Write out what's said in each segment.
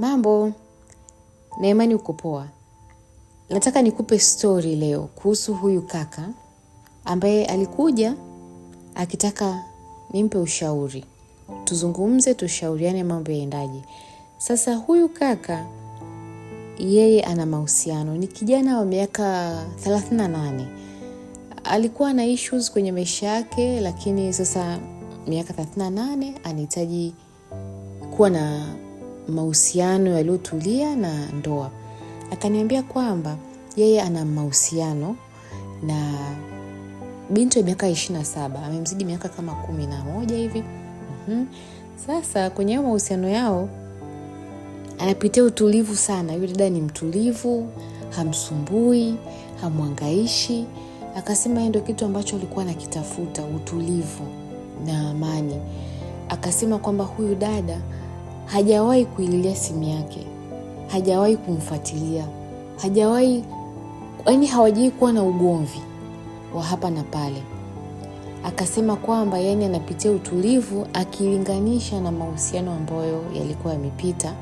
Mambo. naimani uko poa? Nataka nikupe stori leo kuhusu huyu kaka ambaye alikuja akitaka nimpe ushauri, tuzungumze, tushauriane mambo yaendaji Sasa huyu kaka yeye ana mahusiano, ni kijana wa miaka 38 alikuwa na issues kwenye maisha yake, lakini sasa miaka 38 anahitaji kuwa na mahusiano yaliyotulia na ndoa. Akaniambia kwamba yeye ana mahusiano na binti wa miaka ishirini na saba, amemzidi miaka kama kumi na moja hivi. mm-hmm. Sasa kwenye hayo mahusiano yao anapitia utulivu sana. Yule dada ni mtulivu, hamsumbui, hamwangaishi. Akasema ndio kitu ambacho alikuwa anakitafuta, utulivu na amani. Akasema kwamba huyu dada hajawahi kuililia simu yake, hajawahi kumfuatilia, hajawahi yani, hawajai kuwa na ugomvi wa hapa na pale. Akasema kwamba yani anapitia utulivu akilinganisha na mahusiano ambayo yalikuwa yamepita.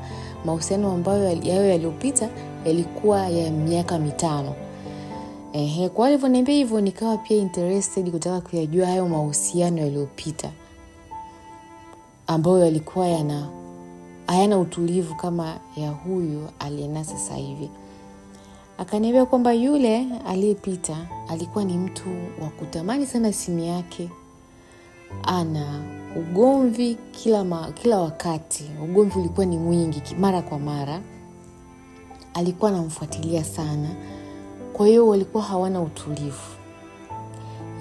Mahusiano ambayo yayo yaliyopita yalikuwa ya miaka mitano. Ehe, kwa alivyoniambia hivyo, nikawa pia interested kutaka kuyajua hayo mahusiano yaliyopita ambayo yalikuwa yana hayana utulivu kama ya huyu aliyena sasa hivi. Akaniambia kwamba yule aliyepita alikuwa ni mtu wa kutamani sana simu yake, ana ugomvi kila, ma, kila wakati. Ugomvi ulikuwa ni mwingi mara kwa mara, alikuwa anamfuatilia sana, kwa hiyo walikuwa hawana utulivu.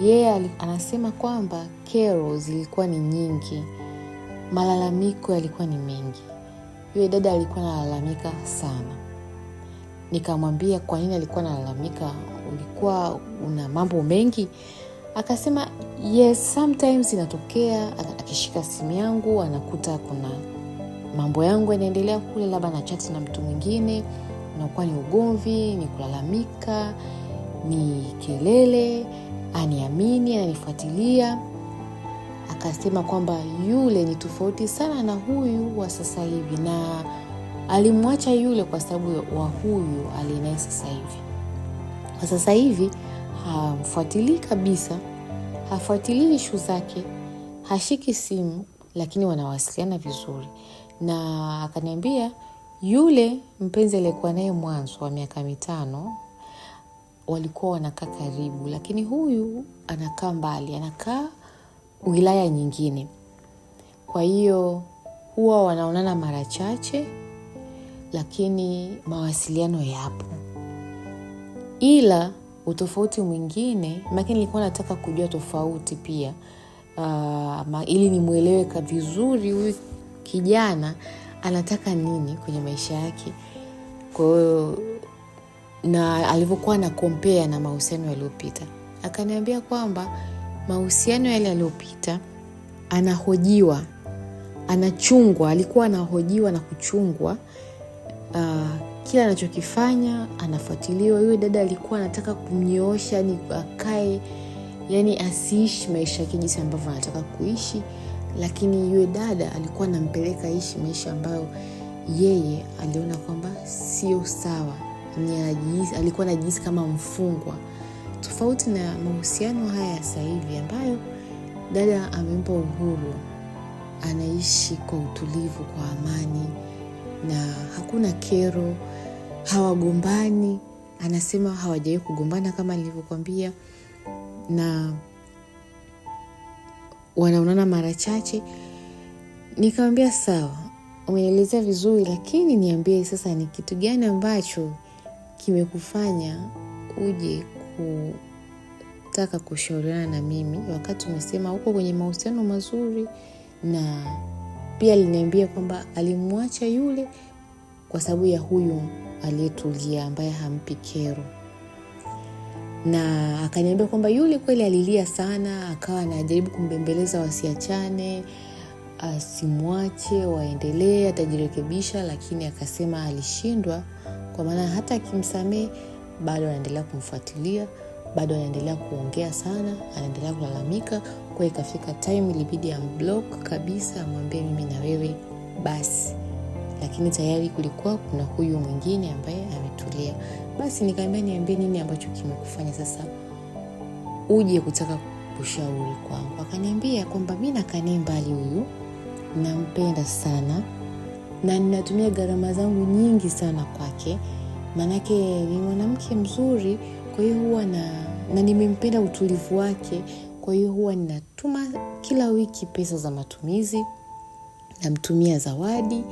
Yeye yeah, anasema kwamba kero zilikuwa ni nyingi, malalamiko yalikuwa ni mengi. Yule dada alikuwa nalalamika sana. Nikamwambia kwa nini alikuwa nalalamika, ulikuwa una mambo mengi? Akasema yes, sometimes inatokea, akishika simu yangu anakuta kuna mambo yangu yanaendelea kule, labda na chati na mtu mwingine, unakuwa ni ugomvi, ni kulalamika, ni kelele, aniamini, ananifuatilia akasema kwamba yule ni tofauti sana na huyu wa sasa hivi, na alimwacha yule kwa sababu wa huyu alinaye sasa hivi. Kwa sasa hivi hamfuatilii kabisa, hafuatilii ishu zake, hashiki simu, lakini wanawasiliana vizuri. Na akaniambia yule mpenzi aliyekuwa naye mwanzo wa miaka mitano walikuwa wanakaa karibu, lakini huyu anakaa mbali, anakaa wilaya nyingine. Kwa hiyo huwa wanaonana mara chache, lakini mawasiliano yapo. Ila utofauti mwingine, lakini nilikuwa nataka kujua tofauti pia uh, ili nimweleweka vizuri huyu kijana anataka nini kwenye maisha yake. Kwa na alivyokuwa na kompea na mahusiano yaliyopita, akaniambia kwamba mahusiano yale yaliyopita, anahojiwa, anachungwa, alikuwa anahojiwa na kuchungwa. Uh, kila anachokifanya anafuatiliwa. Yule dada alikuwa anataka kumnyoosha, ni yaani akae, yani asiishi maisha yake jinsi ambavyo anataka kuishi, lakini yule dada alikuwa anampeleka ishi maisha ambayo yeye aliona kwamba sio sawa, alikuwa anajihisi kama mfungwa tofauti na mahusiano haya ya sasa hivi ambayo dada amempa uhuru, anaishi kwa utulivu, kwa amani na hakuna kero, hawagombani. Anasema hawajawahi kugombana kama nilivyokuambia, na wanaonana mara chache. Nikamwambia sawa, umeelezea vizuri, lakini niambie sasa, ni kitu gani ambacho kimekufanya uje unataka kushauriana na mimi wakati umesema uko kwenye mahusiano mazuri na pia aliniambia kwamba alimwacha yule kwa sababu ya huyu aliyetulia ambaye hampi kero na akaniambia kwamba yule kweli alilia sana akawa anajaribu kumbembeleza wasiachane asimwache waendelee atajirekebisha lakini akasema alishindwa kwa maana hata akimsamehe bado anaendelea kumfuatilia bado anaendelea kuongea sana, anaendelea kulalamika. Kwa ikafika time ilibidi amblock kabisa, amwambie mimi na wewe basi, lakini tayari kulikuwa kuna huyu mwingine ambaye ametulia. Basi nikaambia, niambie nini ambacho kimekufanya sasa uje kutaka ushauri kwangu? Akaniambia kwamba mi nakane mbali huyu, nampenda sana na ninatumia gharama zangu nyingi sana kwake, maanake ni mwanamke mzuri kwa hiyo huwa na, na nimempenda utulivu wake. Kwa hiyo huwa ninatuma kila wiki pesa za matumizi, namtumia zawadi.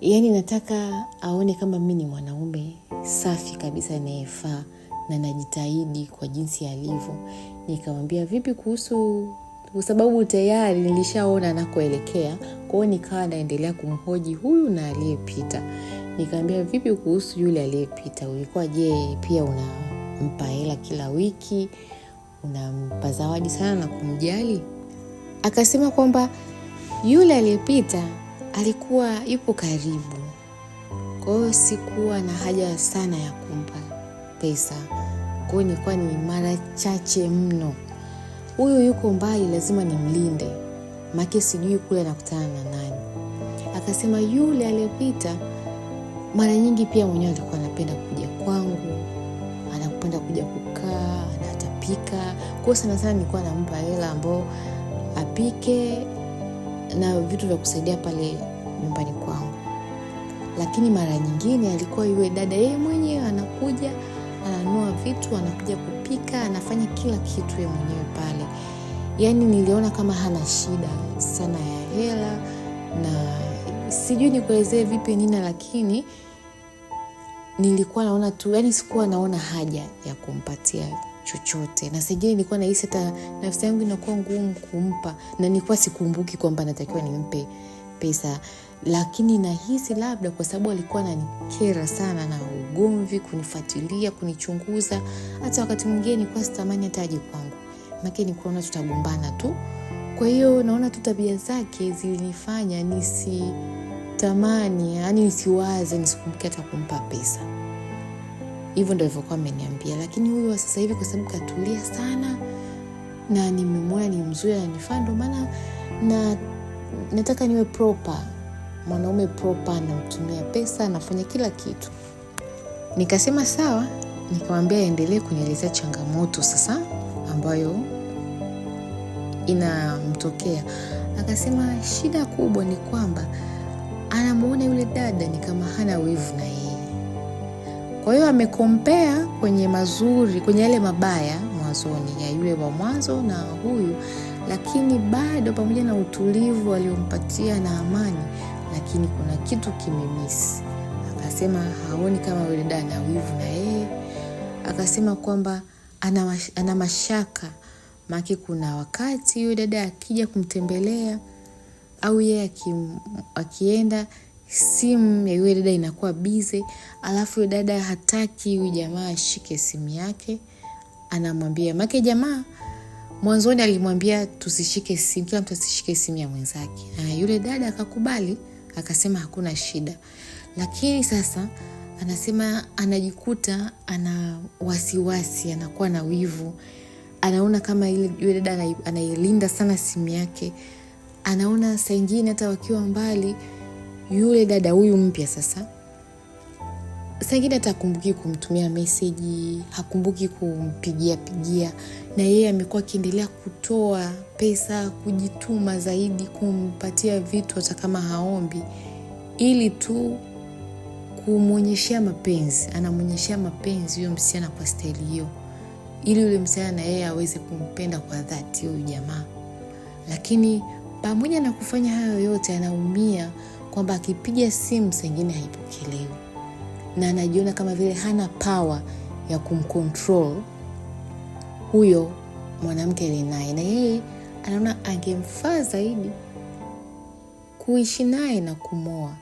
Yaani nataka aone kama mi ni mwanaume safi kabisa naefaa na najitahidi kwa jinsi alivyo. Nikamwambia vipi kuhusu kwa sababu tayari nilishaona anakoelekea. Kwa hiyo nikawa naendelea kumhoji huyu na aliyepita. nikaambia vipi kuhusu yule aliyepita ulikuwa je pia una unampa hela kila wiki, unampa zawadi sana na kumjali? Akasema kwamba yule aliyepita alikuwa yupo karibu, kwahiyo sikuwa na haja sana ya kumpa pesa, kwao nikuwa ni mara chache mno. Huyu yuko mbali, lazima nimlinde, make sijui kule anakutana na nani. Akasema yule aliyepita mara nyingi pia mwenyewe alikuwa anapenda kuja kwangu anapenda kuja kukaa na atapika kwao. Sana sana nilikuwa nampa hela ambao apike na vitu vya kusaidia pale nyumbani kwangu, lakini mara nyingine alikuwa yule dada yeye mwenyewe anakuja ananua vitu anakuja kupika anafanya kila kitu yeye mwenyewe pale. Yani niliona kama hana shida sana ya hela, na sijui nikuelezee vipi nina, lakini nilikuwa naona tu, yani sikuwa naona haja ya kumpatia chochote, na sijui nilikuwa nahisi hata nafsi yangu inakuwa ngumu kumpa, na nilikuwa sikumbuki kwamba natakiwa nimpe pesa, lakini nahisi labda kwa sababu alikuwa nanikera sana na ugomvi, kunifuatilia, kunichunguza. Hata wakati mwingine nikuwa sitamani hataji kwangu, make nikuona tutagombana tu. Kwa hiyo naona tu tabia zake zilinifanya nisi sitamani yani nisiwaze, nisikumbuke hata kumpa pesa. Hivyo ndo alivyokuwa ameniambia, lakini huyu wa sasa hivi kwa sababu katulia sana na nimemwona ni mzuri ananifaa, ndo maana na nataka niwe propa mwanaume propa anamtumia pesa, anafanya kila kitu. Nikasema sawa, nikamwambia aendelee kunielezea changamoto sasa ambayo inamtokea. Akasema shida kubwa ni kwamba anamwona yule dada ni kama hana wivu na yeye. Kwa hiyo amekompea kwenye mazuri, kwenye yale mabaya mwanzoni ya yule wa mwanzo na huyu, lakini bado pamoja na utulivu aliompatia na amani, lakini kuna kitu kimemisi. Akasema haoni kama yule dada ana wivu na yeye, akasema kwamba ana mashaka, make kuna wakati yule dada akija kumtembelea au yeye akienda simu ya yule dada inakuwa bize, alafu yule dada hataki huyu jamaa ashike simu yake, anamwambia make jamaa mwanzoni alimwambia tusishike simu, kila mtu asishike simu ya mwenzake, na yule dada akakubali, akasema hakuna shida. Lakini sasa anasema anajikuta ana wasiwasi, anakuwa na wivu, anaona kama yule dada anailinda sana simu yake anaona saa ingine hata wakiwa mbali, yule dada huyu mpya sasa, saingine hata akumbuki kumtumia meseji, hakumbuki kumpigia pigia, na yeye amekuwa akiendelea kutoa pesa, kujituma zaidi, kumpatia vitu hata kama haombi, ili tu kumwonyeshea mapenzi, anamwonyeshea mapenzi huyo msichana kwa staili hiyo, ili yule msichana na yeye aweze kumpenda kwa dhati huyu jamaa. Lakini pamoja na kufanya hayo yote, anaumia kwamba akipiga simu sengine haipokelewi na anajiona kama vile hana pawa ya kumkontrol huyo mwanamke alinaye naye, na yeye anaona angemfaa zaidi kuishi naye na kumoa.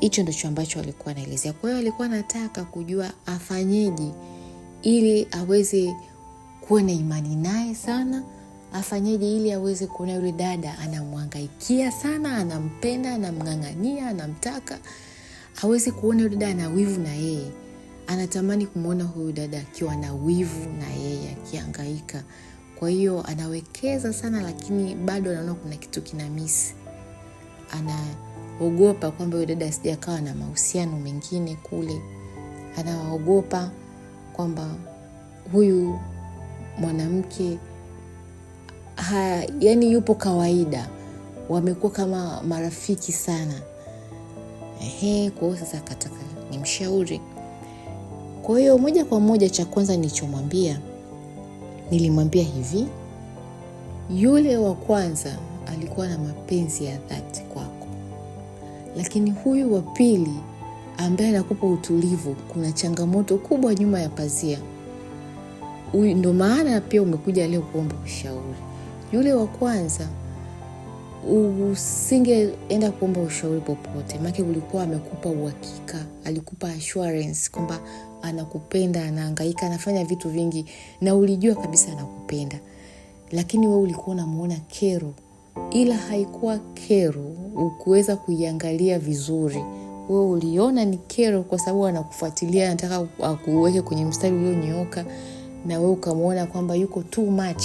Hicho ndicho ambacho alikuwa anaelezea. Kwa hiyo alikuwa anataka kujua afanyeje ili aweze kuwa na imani naye sana afanyeje ili aweze kuona yule dada anamwangaikia sana, anampenda, anamng'ang'ania, anamtaka, aweze kuona yule dada ana wivu na yeye, anatamani kumwona huyu dada akiwa na wivu na yeye, akiangaika. Kwa hiyo anawekeza sana, lakini bado anaona kuna kitu kinamisi, anaogopa kwamba yule dada asija akawa na mahusiano mengine kule, anaogopa kwamba huyu mwanamke ha, yani yupo kawaida, wamekuwa kama marafiki sana. Ehe, kwa hiyo sasa akataka nimshauri. Kwa hiyo moja kwa moja, cha kwanza nilichomwambia, nilimwambia hivi, yule wa kwanza alikuwa na mapenzi ya dhati kwako, lakini huyu wa pili ambaye anakupa utulivu, kuna changamoto kubwa nyuma ya pazia. Huyu ndo maana pia umekuja leo kuomba ushauri. Yule wa kwanza usingeenda kuomba ushauri popote, make ulikuwa amekupa uhakika, alikupa assurance kwamba anakupenda, anahangaika, anafanya vitu vingi na ulijua kabisa anakupenda, lakini wewe ulikuwa unamuona kero, ila haikuwa kero, ukuweza kuiangalia vizuri. Wewe uliona ni kero kwa sababu anakufuatilia, anataka akuweke kwenye mstari ulionyooka, na wewe ukamwona kwamba yuko too much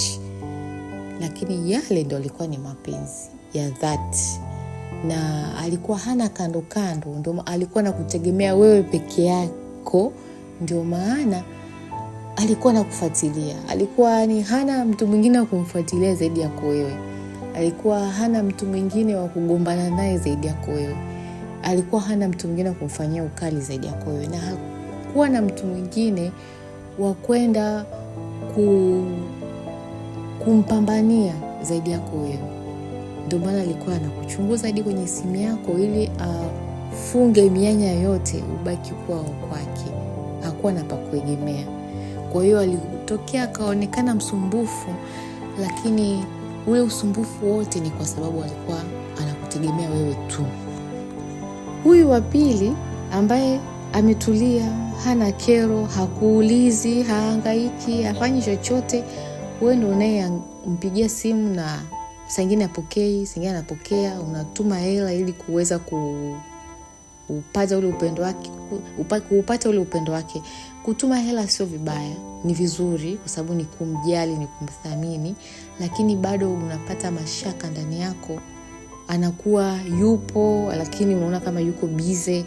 lakini yale ndo alikuwa ni mapenzi ya dhati, na alikuwa hana kando kando, ndo alikuwa na kutegemea wewe peke yako, ndio maana alikuwa na kufuatilia. Alikuwa ni hana mtu mwingine wa kumfuatilia zaidi yako wewe, alikuwa hana mtu mwingine wa kugombana naye zaidi yako wewe, alikuwa hana mtu mwingine wa kumfanyia ukali zaidi yako wewe, na hakuwa na mtu mwingine wa kwenda ku kumpambania zaidi yako wewe. Ndio maana alikuwa anakuchunguza hadi kwenye simu yako ili afunge mianya yote ubaki kuwa kwake, hakuwa na pa kuegemea. Kwa hiyo alitokea akaonekana msumbufu, lakini ule usumbufu wote ni kwa sababu alikuwa anakutegemea wewe tu. Huyu wa pili ambaye ametulia, hana kero, hakuulizi, haangaiki, hafanyi chochote wewe ndo unayempigia simu na sangine apokei, sangine anapokea, unatuma hela ili kuweza upata ule upendo wake, kuupata ule upendo wake. Kutuma hela sio vibaya, ni vizuri kwa sababu ni kumjali, ni kumthamini, lakini bado unapata mashaka ndani yako. Anakuwa yupo, lakini unaona kama yuko bize.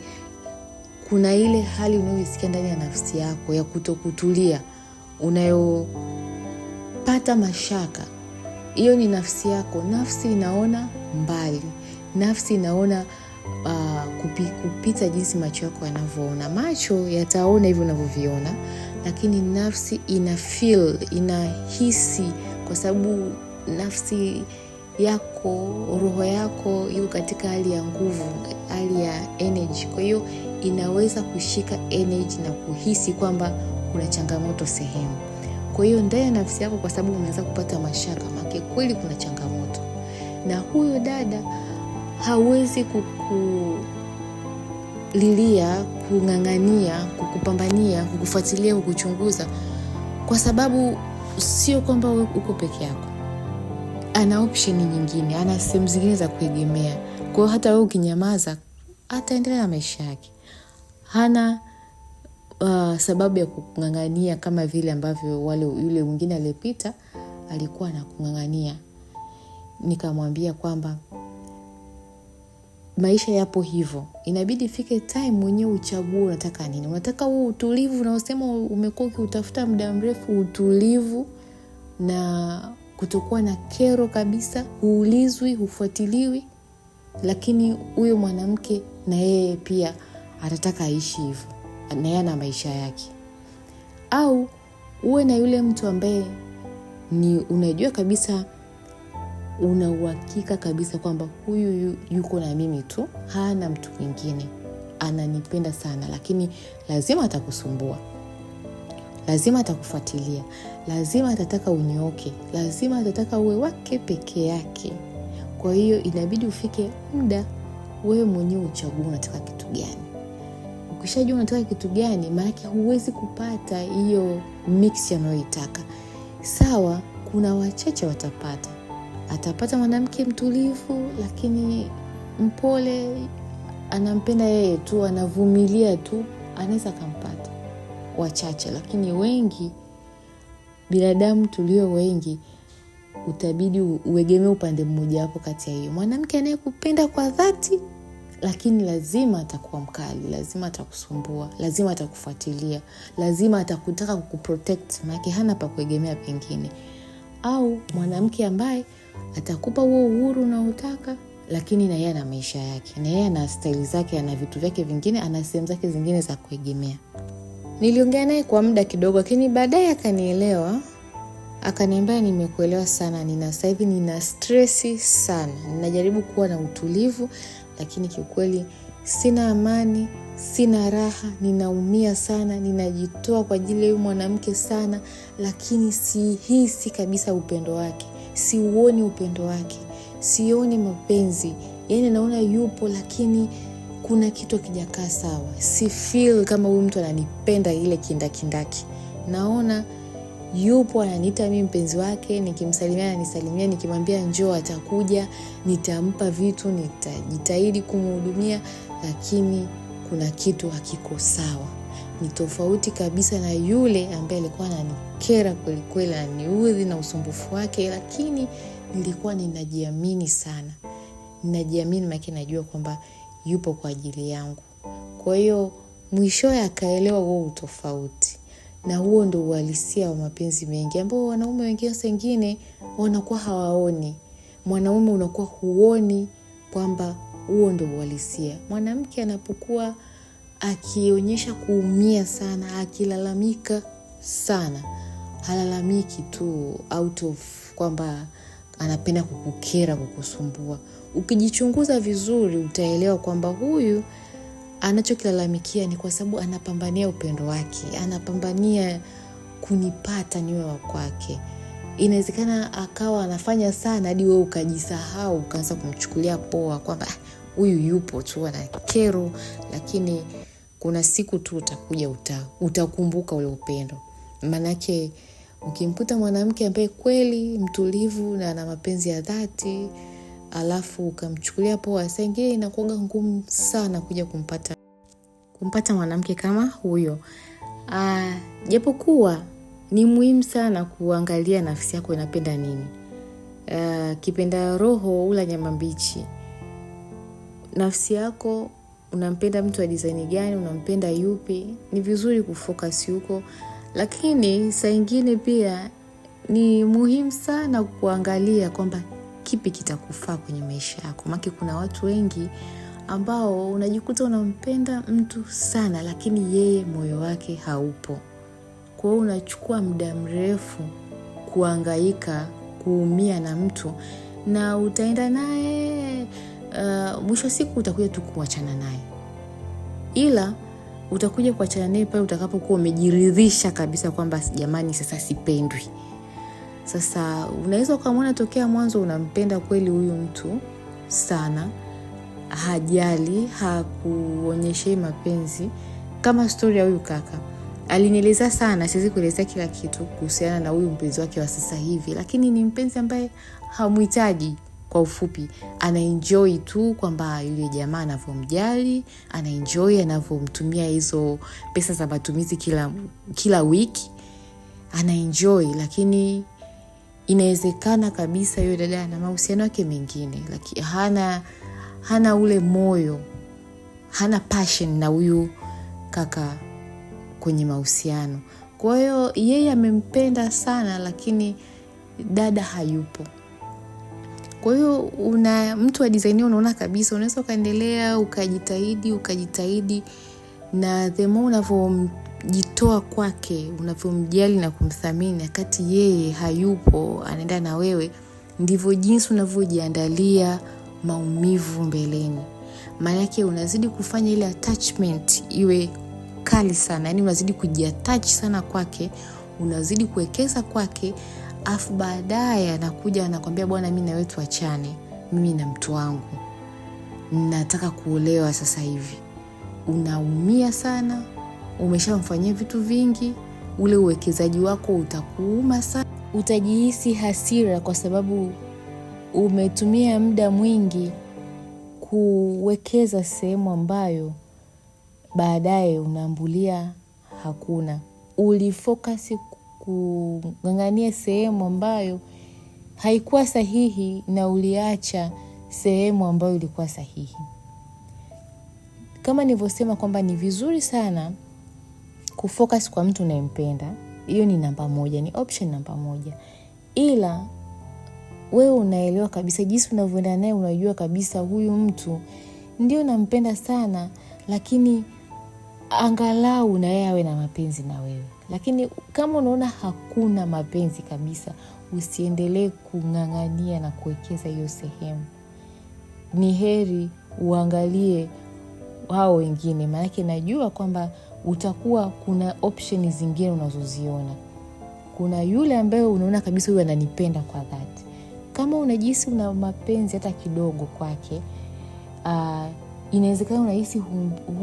Kuna ile hali unayoisikia ndani ya nafsi yako ya kutokutulia unayo pata mashaka. Hiyo ni nafsi yako. Nafsi inaona mbali, nafsi inaona uh, kupi, kupita jinsi macho yako yanavyoona. Macho yataona hivyo unavyoviona, lakini nafsi ina feel, inahisi, kwa sababu nafsi yako roho yako iko katika hali ya nguvu, hali ya energy. Kwa hiyo inaweza kushika energy na kuhisi kwamba kuna changamoto sehemu. Kwa hiyo ndani ya nafsi yako, kwa sababu umeanza kupata mashaka make, kweli kuna changamoto, na huyo dada hawezi kukulilia, kung'ang'ania, kukupambania, kukufuatilia, kukuchunguza, kwa sababu sio kwamba uko peke yako, ana opsheni nyingine, ana sehemu zingine za kuegemea. Kwa hiyo hata wewe ukinyamaza, ataendelea na maisha yake, hana uh, sababu ya kung'ang'ania kama vile ambavyo wale yule mwingine aliyepita alikuwa na kung'ang'ania. Nikamwambia kwamba maisha yapo hivyo, inabidi fike time mwenyewe uchaguo unataka nini. Unataka huu utulivu unaosema umekuwa ukiutafuta muda mrefu, utulivu na kutokuwa na kero kabisa, huulizwi, hufuatiliwi. Lakini huyo mwanamke na yeye pia atataka aishi hivyo na maisha yake, au uwe na yule mtu ambaye ni unajua kabisa una uhakika kabisa kwamba huyu yuko na mimi tu, hana mtu mwingine, ananipenda sana, lakini lazima atakusumbua, lazima atakufuatilia, lazima atataka unyoke lazima atataka uwe wake peke yake. Kwa hiyo inabidi ufike muda wewe mwenyewe uchaguu unataka kitu gani ukishajua unataka kitu gani, maanake huwezi kupata hiyo mix anayoitaka. Sawa, kuna wachache watapata, atapata mwanamke mtulivu lakini mpole, anampenda yeye tu, anavumilia tu, anaweza akampata. Wachache, lakini wengi, binadamu tulio wengi utabidi uegemee upande mmoja wapo kati ya hiyo, mwanamke anayekupenda kwa dhati lakini lazima atakuwa mkali lazima atakusumbua lazima atakufuatilia lazima atakutaka kukuprotect manake hana pa kuegemea pengine au mwanamke ambaye atakupa huo uhuru unaotaka lakini na yeye ana maisha yake na yeye ana stali zake ana vitu vyake vingine ana sehemu zake zingine za kuegemea niliongea naye kwa muda kidogo lakini baadaye akanielewa akaniambia nimekuelewa sana nina sahivi nina stresi sana ninajaribu kuwa na utulivu lakini kiukweli sina amani, sina raha, ninaumia sana, ninajitoa kwa ajili ya huyu mwanamke sana, lakini sihisi kabisa upendo wake, siuoni upendo wake, sioni mapenzi. Yani naona yupo, lakini kuna kitu akijakaa sawa, si feel kama huyu mtu ananipenda ile kindakindaki, naona yupo ananiita mimi mpenzi wake, nikimsalimia ananisalimia, nikimwambia njoo atakuja, nitampa vitu, nitajitahidi kumhudumia, lakini kuna kitu hakiko sawa. Ni tofauti kabisa na yule ambaye alikuwa ananikera kwelikweli, aniudhi na usumbufu wake, lakini nilikuwa ninajiamini sana, ninajiamini maake najua kwamba yupo kwa ajili yangu. Kwa hiyo mwishowe akaelewa huo utofauti na huo ndo uhalisia wa mapenzi mengi ambao wanaume wengine sengine wanakuwa hawaoni. Mwanaume unakuwa huoni kwamba huo ndo uhalisia. Mwanamke anapokuwa akionyesha kuumia sana, akilalamika sana, halalamiki tu out of kwamba anapenda kukukera, kukusumbua. Ukijichunguza vizuri, utaelewa kwamba huyu anachokilalamikia ni kwa sababu anapambania upendo wake, anapambania kunipata niwe wa kwake. Inawezekana akawa anafanya sana hadi wewe ukajisahau, ukaanza kumchukulia poa kwamba ah, huyu yupo tu ana kero, lakini kuna siku tu utakuja uta, utakumbuka ule upendo. Maanake ukimkuta mwanamke ambaye kweli mtulivu na ana mapenzi ya dhati alafu ukamchukulia poa, saa inakuaga inakuwaga ngumu sana kuja kumpata kumpata mwanamke kama huyo. Ah, japokuwa ni muhimu sana kuangalia nafsi yako inapenda nini. Ah, kipenda roho ula nyama mbichi. Nafsi yako unampenda mtu wa dizaini gani? Unampenda yupi? Ni vizuri kufocus huko, lakini saa ingine pia ni muhimu sana kuangalia kwamba kipi kitakufaa kwenye maisha yako. make kuna watu wengi ambao unajikuta unampenda mtu sana, lakini yeye moyo wake haupo. Kwa hiyo unachukua muda mrefu kuangaika, kuumia na mtu, na utaenda naye uh, mwisho wa siku utakuja tu kuachana naye, ila utakuja kuachana naye pale utakapokuwa umejiridhisha kabisa kwamba jamani, sasa sipendwi. Sasa unaweza ukamwona tokea mwanzo unampenda kweli huyu mtu sana, hajali, hakuonyeshei mapenzi kama stori ya huyu kaka alinielezea sana, siwezi kuelezea kila kitu kuhusiana na huyu mpenzi wake wa sasa hivi, lakini ni mpenzi ambaye hamhitaji. Kwa ufupi, anaenjoi tu kwamba yule jamaa anavyomjali, anaenjoi anavyomtumia hizo pesa za matumizi kila, kila wiki anaenjoi lakini inawezekana kabisa yule dada ana mahusiano yake mengine, lakini hana hana ule moyo, hana passion na huyu kaka kwenye mahusiano. Kwa hiyo yeye amempenda sana, lakini dada hayupo. Kwa hiyo una mtu wa design, unaona kabisa, unaweza ukaendelea ukajitahidi ukajitahidi, na themo unavyo kujitoa kwake unavyomjali na kumthamini wakati yeye hayupo anaenda na wewe ndivyo jinsi unavyojiandalia maumivu mbeleni maanake unazidi kufanya ile attachment iwe kali sana yaani unazidi kujiatach sana kwake unazidi kuwekeza kwake afu baadaye anakuja anakwambia bwana mi nawe tuachane mimi na mtu wangu nataka kuolewa sasa hivi unaumia sana umeshamfanyia vitu vingi, ule uwekezaji wako utakuuma sana, utajihisi hasira kwa sababu umetumia muda mwingi kuwekeza sehemu ambayo baadaye unaambulia hakuna. Ulifokasi kung'ang'ania sehemu ambayo haikuwa sahihi na uliacha sehemu ambayo ilikuwa sahihi. Kama nilivyosema kwamba ni vizuri sana kufocus kwa mtu unayempenda, hiyo ni namba moja, ni option namba moja, ila wewe unaelewa kabisa jinsi unavyoenda naye, unajua kabisa huyu mtu ndio nampenda sana, lakini angalau na yeye awe na mapenzi na wewe. Lakini kama unaona hakuna mapenzi kabisa, usiendelee kung'ang'ania na kuwekeza hiyo sehemu. Ni heri uangalie hao wengine, maanake najua kwamba utakuwa kuna option zingine unazoziona. Kuna yule ambaye unaona kabisa huyu ananipenda kwa dhati. Kama unajihisi una mapenzi hata kidogo kwake, uh, inawezekana unahisi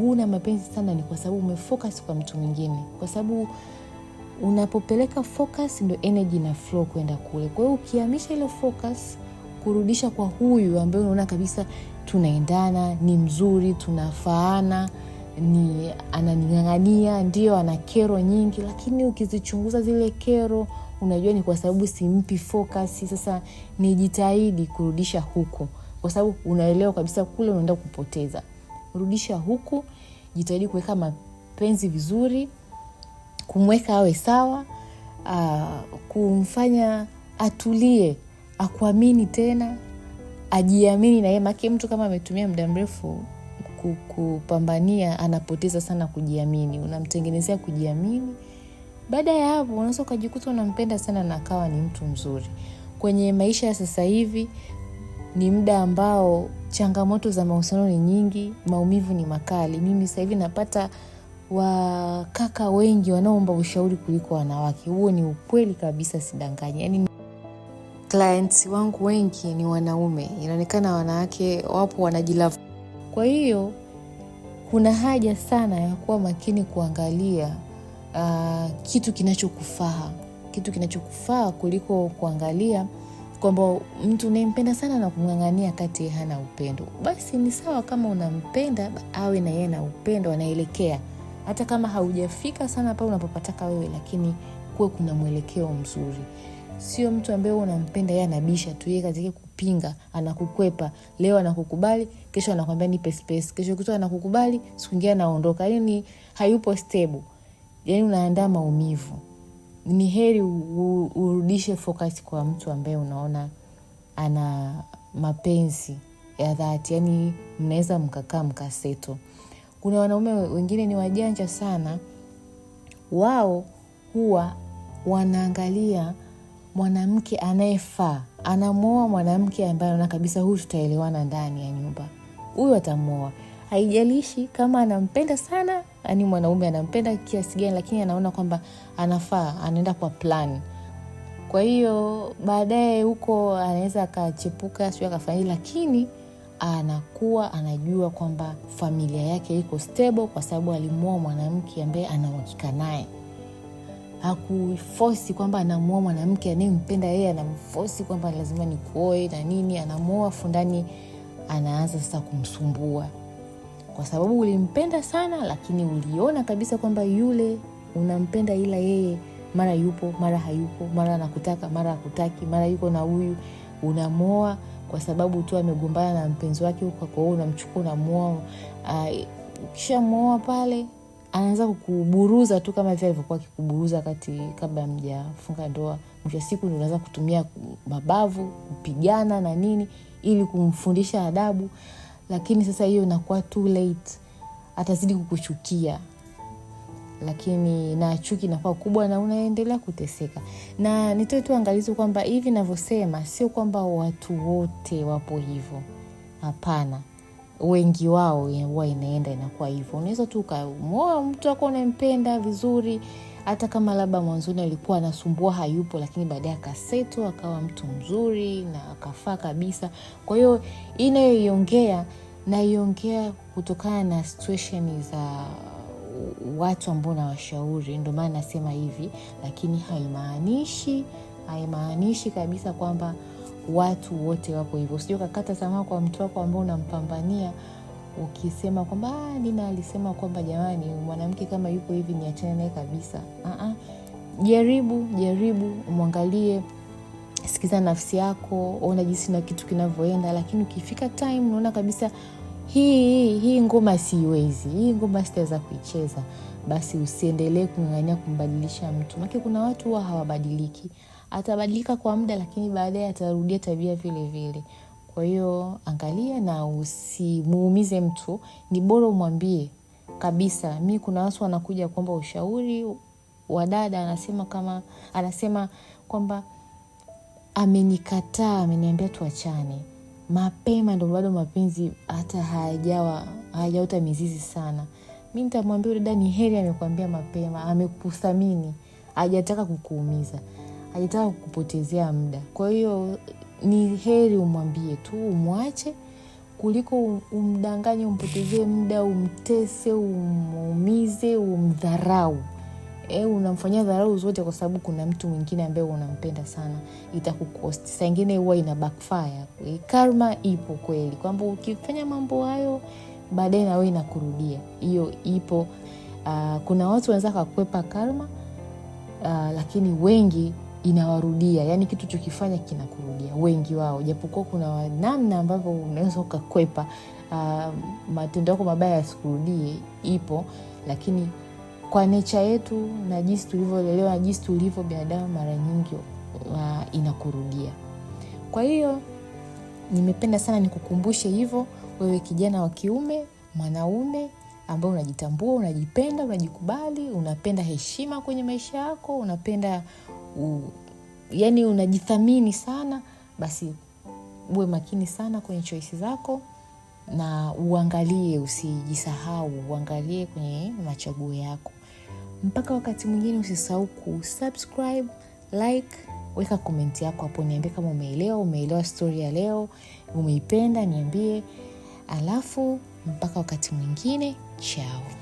huna mapenzi sana, ni kwa sababu umefocus kwa mtu mwingine, kwa sababu unapopeleka focus ndo energy na flow kwenda kule. Kwa hiyo ukihamisha ile focus kurudisha kwa huyu ambaye unaona kabisa tunaendana, ni mzuri, tunafaana ni ananing'ang'ania, ndio ana kero nyingi, lakini ukizichunguza zile kero unajua ni kwa sababu simpi focus. Sasa nijitahidi kurudisha huku, kwa sababu unaelewa kabisa kule unaenda kupoteza. Rudisha huku, jitahidi kuweka mapenzi vizuri, kumweka awe sawa, uh, kumfanya atulie, akuamini tena, ajiamini na yeye, make mtu kama ametumia muda mrefu kupambania anapoteza sana kujiamini, unamtengenezea kujiamini. Baada ya hapo, unaweza ukajikuta unampenda sana na akawa ni mtu mzuri. Kwenye maisha ya sasa hivi ni muda ambao changamoto za mahusiano ni nyingi, maumivu ni makali. Mimi sasa hivi napata wakaka wengi wanaoomba ushauri kuliko wanawake. Huo ni ukweli kabisa, sidanganyi. Yani, clients wangu wengi ni wanaume, inaonekana wanawake wapo wanajilavu kwa hiyo kuna haja sana ya kuwa makini kuangalia uh, kitu kinachokufaa kitu kinachokufaa kuliko kuangalia kwamba mtu unayempenda sana na kumng'ang'ania kati hana upendo. Basi ni sawa kama unampenda awe na yeye na upendo, anaelekea hata kama haujafika sana pale unapopataka wewe, lakini kuwe kuna mwelekeo mzuri. Sio mtu ambaye unampenda yeye anabisha tu, yeye katika anakupinga, anakukwepa. Leo anakukubali, kesho anakwambia nipe space, kesho kutwa anakukubali, siku ingine anaondoka. Yani hayupo stable, yani unaandaa maumivu. Ni heri urudishe focus kwa mtu ambaye unaona ana mapenzi ya dhati, yani mnaweza mkakaa mkaseto. Kuna wanaume wengine ni wajanja sana, wao huwa wanaangalia mwanamke anayefaa, anamwoa mwanamke ambaye anaona kabisa huyu tutaelewana ndani ya nyumba, huyu atamwoa. Haijalishi kama anampenda sana, yani mwanaume anampenda kiasi gani, lakini anaona kwamba anafaa, anaenda kwa plani. Kwa hiyo baadaye huko anaweza akachepuka, siu akafanyi lakini anakuwa anajua kwamba familia yake iko stable, kwa sababu alimwoa mwanamke ambaye ana naye hakufosi kwamba anamuoa mwanamke anayempenda yeye, anamfosi kwamba lazima nikuoe na nini. Anamuoa fundani, anaanza sasa kumsumbua kwa sababu ulimpenda sana, lakini uliona kabisa kwamba yule unampenda, ila yeye mara yupo mara hayupo, mara anakutaka mara akutaki mara yuko na huyu. unamoa kwa sababu tu amegombana na mpenzi wake huko, kwa hiyo unamchukua unamuoa. Ah, ukishamoa pale anaanza kukuburuza tu kama vile alivyokuwa akikuburuza kati kabla mjafunga ndoa. Mwisho wa siku ndio unaweza kutumia mabavu, kupigana na nini, ili kumfundisha adabu. Lakini sasa hiyo inakuwa too late, atazidi kukuchukia lakini na chuki inakuwa kubwa na unaendelea kuteseka. Na nitoe tu angalizo kwamba hivi navyosema, sio kwamba watu wote wapo hivyo, hapana wengi wao huwa inaenda inakuwa hivyo. Unaweza tu ukamwoa mtu ako unampenda vizuri, hata kama labda mwanzoni alikuwa anasumbua hayupo, lakini baadaye akaseto akawa mtu mzuri na akafaa kabisa. Kwa hiyo inayoiongea naiongea kutokana na situation za watu ambao nawashauri, ndio maana nasema hivi, lakini haimaanishi haimaanishi kabisa kwamba watu wote wapo hivyo. Sijui ukakata tamaa kwa mtu wako ambao unampambania ukisema kwamba ah, Nina alisema kwamba jamani, mwanamke kama yuko hivi niachane naye kabisa. -uh. jaribu jaribu, mwangalie, sikiza nafsi yako, ona jinsi na kitu kinavyoenda, lakini ukifika time unaona kabisa hii hii ngoma siiwezi, hii ngoma sitaweza kuicheza, basi usiendelee kung'ang'ania kumbadilisha mtu, maana kuna watu huwa hawabadiliki atabadilika kwa muda, lakini baadaye atarudia tabia vile vile. Kwa hiyo angalia na usimuumize mtu, ni bora umwambie kabisa. Mi kuna watu wanakuja kwamba ushauri wa dada, anasema kama anasema kwamba amenikataa, ameniambia tuachane mapema, ndo bado mapenzi hata hayajawa hayajaota mizizi sana. Mi ntamwambia dada, ni heri amekuambia mapema, amekuthamini, hajataka kukuumiza alitaka kupotezea muda. Kwa hiyo ni heri umwambie tu, umwache kuliko umdanganye, umpotezee muda, umtese, umuumize, umdharau. E, unamfanyia dharau zote kwa sababu kuna mtu mwingine ambaye unampenda sana, itakukost saingine huwa ina backfire. E, karma ipo kweli kwamba ukifanya mambo hayo baadaye nawe inakurudia. Hiyo ipo. Uh, kuna watu wanaweza kakwepa karma uh, lakini wengi inawarudia, yani kitu chokifanya kinakurudia, wengi wao, japokuwa kuna namna ambavyo unaweza ukakwepa uh, matendo yako mabaya yasikurudie, ipo lakini kwa necha yetu na jinsi tulivyolelewa na jinsi tulivyo binadamu, mara nyingi uh, inakurudia. Kwa hiyo nimependa sana nikukumbushe hivyo, wewe kijana wa kiume, mwanaume ambao unajitambua, unajipenda, unajikubali, unapenda heshima kwenye maisha yako, unapenda yani unajithamini sana, basi uwe makini sana kwenye choisi zako na uangalie, usijisahau, uangalie kwenye machaguo yako. Mpaka wakati mwingine, usisahau kusubscribe, like, weka komenti yako hapo, niambie kama umeelewa. Umeelewa stori ya leo? Umeipenda? Niambie. Alafu mpaka wakati mwingine, chao.